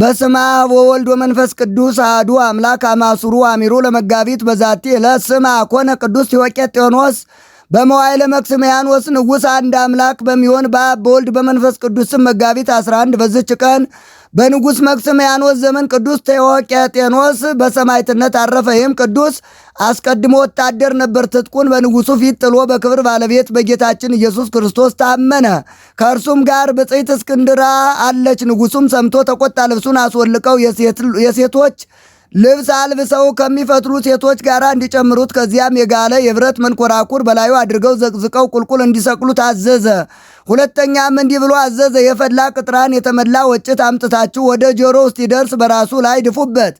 በስመ አብ ወወልድ ወመንፈስ ቅዱስ አሐዱ አምላክ አማሱሩ አሚሩ ለመጋቢት በዛቲ ዕለት ስማ ኮነ ቅዱስ ቴዎቄጤኖስ በመዋዕለ መክስምያኖስ ንጉሥ አንድ አምላክ በሚሆን በአብ በወልድ በመንፈስ ቅዱስ መጋቢት 11 በዝች ቀን በንጉሥ መክስምያኖስ ዘመን ቅዱስ ቴዎቅያጤኖስ በሰማይትነት አረፈ። ይህም ቅዱስ አስቀድሞ ወታደር ነበር። ትጥቁን በንጉሱ ፊት ጥሎ በክብር ባለቤት በጌታችን ኢየሱስ ክርስቶስ ታመነ። ከእርሱም ጋር ብፅዕት እስክንድራ አለች። ንጉሱም ሰምቶ ተቆጣ። ልብሱን አስወልቀው የሴቶች ልብስ አልብሰው ከሚፈትሉ ሴቶች ጋር እንዲጨምሩት ከዚያም የጋለ የብረት መንኮራኩር በላዩ አድርገው ዘቅዝቀው ቁልቁል እንዲሰቅሉት አዘዘ። ሁለተኛም እንዲህ ብሎ አዘዘ። የፈላ ቅጥራን የተመላ ወጭት አምጥታችሁ ወደ ጆሮ ውስጥ ይደርስ በራሱ ላይ ድፉበት።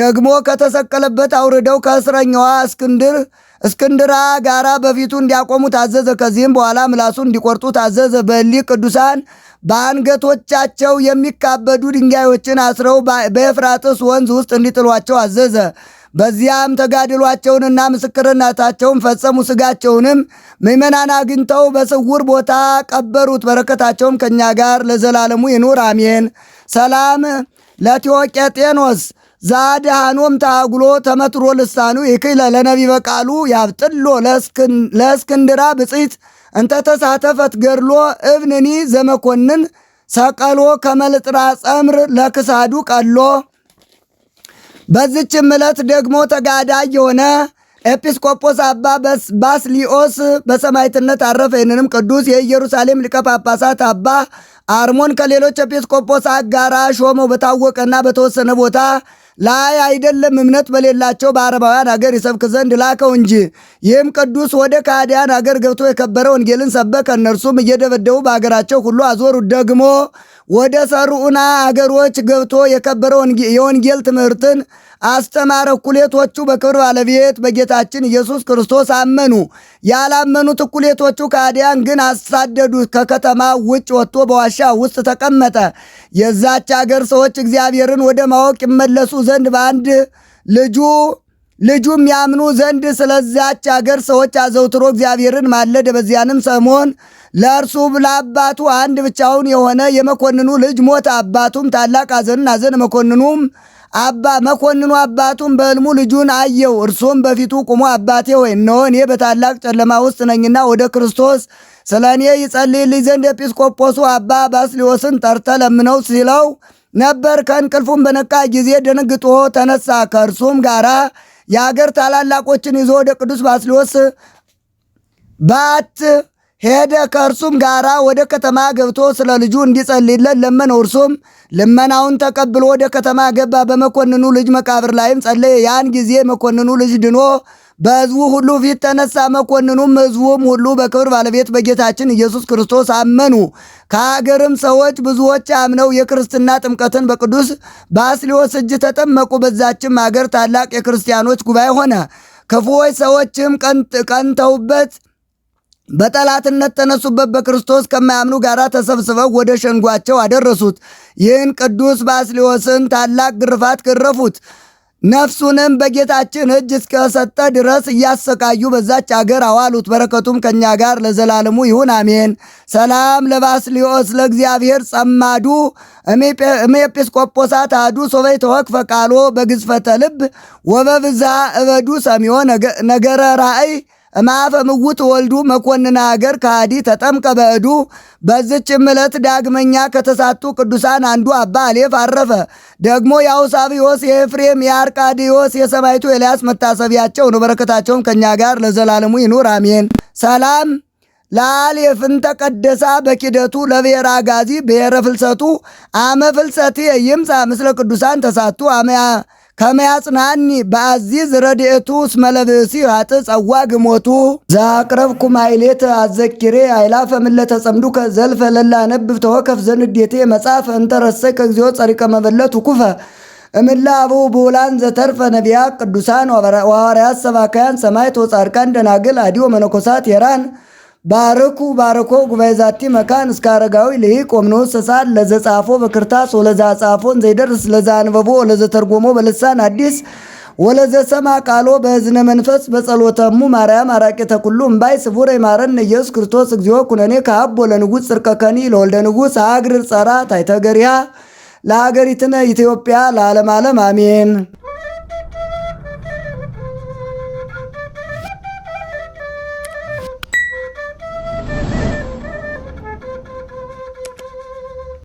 ደግሞ ከተሰቀለበት አውርደው ከእስረኛዋ እስክንድር እስክንድራ ጋራ በፊቱ እንዲያቆሙ ታዘዘ። ከዚህም በኋላ ምላሱን እንዲቆርጡ ታዘዘ። በሊ ቅዱሳን በአንገቶቻቸው የሚካበዱ ድንጋዮችን አስረው በኤፍራጥስ ወንዝ ውስጥ እንዲጥሏቸው አዘዘ። በዚያም ተጋድሏቸውንና ምስክርነታቸውን ፈጸሙ። ስጋቸውንም ምመናን አግኝተው በስውር ቦታ ቀበሩት። በረከታቸውም ከእኛ ጋር ለዘላለሙ ይኑር አሜን። ሰላም ለቴዎቄጤኖስ ዛድሃኖም ታጉሎ ተመትሮ ልሳኑ ይክለ ለነቢበ ቃሉ ያብጥሎ ለእስክንድራ ብፅት እንተ ተሳተፈት ገድሎ እብንኒ ዘመኮንን ሰቀሎ ከመልጥራ ጸምር ለክሳዱ ቀሎ። በዚችም ዕለት ደግሞ ተጋዳይ የሆነ ኤጲስቆጶስ አባ ባስሊዮስ በሰማዕትነት አረፈ። ይህንንም ቅዱስ የኢየሩሳሌም ሊቀ ጳጳሳት አባ አርሞን ከሌሎች ኤጲስቆጶሳት ጋር ሾመው። በታወቀና በተወሰነ ቦታ ላይ አይደለም እምነት በሌላቸው በአረባውያን አገር ይሰብክ ዘንድ ላከው እንጂ። ይህም ቅዱስ ወደ ካህዲያን አገር ገብቶ የከበረ ወንጌልን ሰበከ። እነርሱም እየደበደቡ በአገራቸው ሁሉ አዞሩ ደግሞ ወደ ሰሩዑና አገሮች ገብቶ የከበረ የወንጌል ትምህርትን አስተማረ። እኩሌቶቹ በክብር ባለቤት በጌታችን ኢየሱስ ክርስቶስ አመኑ። ያላመኑት እኩሌቶቹ ካዲያን ግን አሳደዱት። ከከተማ ውጭ ወጥቶ በዋሻ ውስጥ ተቀመጠ። የዛች አገር ሰዎች እግዚአብሔርን ወደ ማወቅ ይመለሱ ዘንድ በአንድ ልጁ ልጁም ያምኑ ዘንድ ስለዚያች አገር ሰዎች አዘውትሮ እግዚአብሔርን ማለድ። በዚያንም ሰሞን ለእርሱ ለአባቱ አንድ ብቻውን የሆነ የመኮንኑ ልጅ ሞት። አባቱም ታላቅ አዘንን አዘን። መኮንኑም አባ መኮንኑ አባቱም በሕልሙ ልጁን አየው። እርሱም በፊቱ ቁሞ አባቴ ወይ እነሆ እኔ በታላቅ ጨለማ ውስጥ ነኝና ወደ ክርስቶስ ስለ እኔ ይጸልይልኝ ዘንድ ኤጲስቆጶሱ አባ ባስሊዮስን ጠርተ ለምነው ሲለው ነበር። ከእንቅልፉም በነቃ ጊዜ ደንግጦ ተነሳ። ከእርሱም ጋራ የአገር ታላላቆችን ይዞ ወደ ቅዱስ ባስልዮስ ባት ሄደ ከእርሱም ጋራ ወደ ከተማ ገብቶ ስለ ልጁ እንዲጸልይለት ለመነው። እርሱም ልመናውን ተቀብሎ ወደ ከተማ ገባ። በመኮንኑ ልጅ መቃብር ላይም ጸለየ። ያን ጊዜ መኮንኑ ልጅ ድኖ በሕዝቡ ሁሉ ፊት ተነሳ። መኮንኑም ሕዝቡም ሁሉ በክብር ባለቤት በጌታችን ኢየሱስ ክርስቶስ አመኑ። ከአገርም ሰዎች ብዙዎች አምነው የክርስትና ጥምቀትን በቅዱስ ባስልዮስ እጅ ተጠመቁ። በዛችም አገር ታላቅ የክርስቲያኖች ጉባኤ ሆነ። ክፉዎች ሰዎችም ቀንተውበት በጠላትነት ተነሱበት በክርስቶስ ከማያምኑ ጋር ተሰብስበው ወደ ሸንጓቸው አደረሱት። ይህን ቅዱስ ባስልዮስን ታላቅ ግርፋት ገረፉት። ነፍሱንም በጌታችን እጅ እስከሰጠ ድረስ እያሰቃዩ በዛች አገር አዋሉት። በረከቱም ከእኛ ጋር ለዘላለሙ ይሁን አሜን። ሰላም ለባስሊዮስ ለእግዚአብሔር ጸማዱ እሜጲስቆጶሳት አዱ ሶበይ ተወክፈ ፈቃሎ በግዝፈተ ልብ ወበብዛ እበዱ ሰሚዮ ነገረ ራእይ እማፈ ምውት ወልዱ መኮንና አገር ከሃዲ ተጠምቀ በእዱ። በዝችም ዕለት ዳግመኛ ከተሳቱ ቅዱሳን አንዱ አባ አሌፍ አረፈ። ደግሞ የአውሳብዮስ፣ የኤፍሬም፣ የአርቃዲዮስ፣ የሰማይቱ ኤልያስ መታሰቢያቸው ነው። በረከታቸውም ከእኛ ጋር ለዘላለሙ ይኑር አሜን። ሰላም ለአሌፍን ተቀደሳ በኪደቱ ለብሔረ አጋዚ ብሔረ ፍልሰቱ አመ ፍልሰት ይምፃ ምስለ ቅዱሳን ተሳቱ ከመያጽናኒ በአዚዝ ረድኤቱ እስመ ለብእሲ ሀጥ ጸዋ ግሞቱ ዘአቅረብኩ ማይሌት አዘኪሬ አይላፈ ምለተ ዘልፈ ለላ ነብብ ተወከፍ ዘንዴቴ መጽሐፍ እንተረሰ ከግዚኦ ጸሪቀ መበለት ኩፈ እምላ አበው ብውላን ዘተርፈ ነቢያ ቅዱሳን ወሐዋርያት ሰባካያን ሰማዕት ወጻድቃን ደናግል አዲዮ መነኮሳት የራን ባርኩ ባርኮ ጉባኤ ዛቲ መካን እስከ አረጋዊ ልሂቅ ወምኖስ ሰሳል ለዘ ጻፎ በክርታስ ወለዛ ጻፎን ዘይደርስ ለዛ አንበቦ ወለዘ ተርጎሞ በልሳን አዲስ ወለዘ ሰማ ቃሎ በእዝነ መንፈስ በጸሎተሙ ማርያም አራቄተ ተኩሉ እምባይ ስቡረ ይማረን ኢየሱስ ክርስቶስ እግዚኦ ኩነኔ ከአቦ ለንጉሥ ጽርቀከኒ ለወልደ ንጉሥ አግርር ጸራ ታይተገሪያ ለሀገሪትነ ኢትዮጵያ ለዓለም ዓለም አሜን።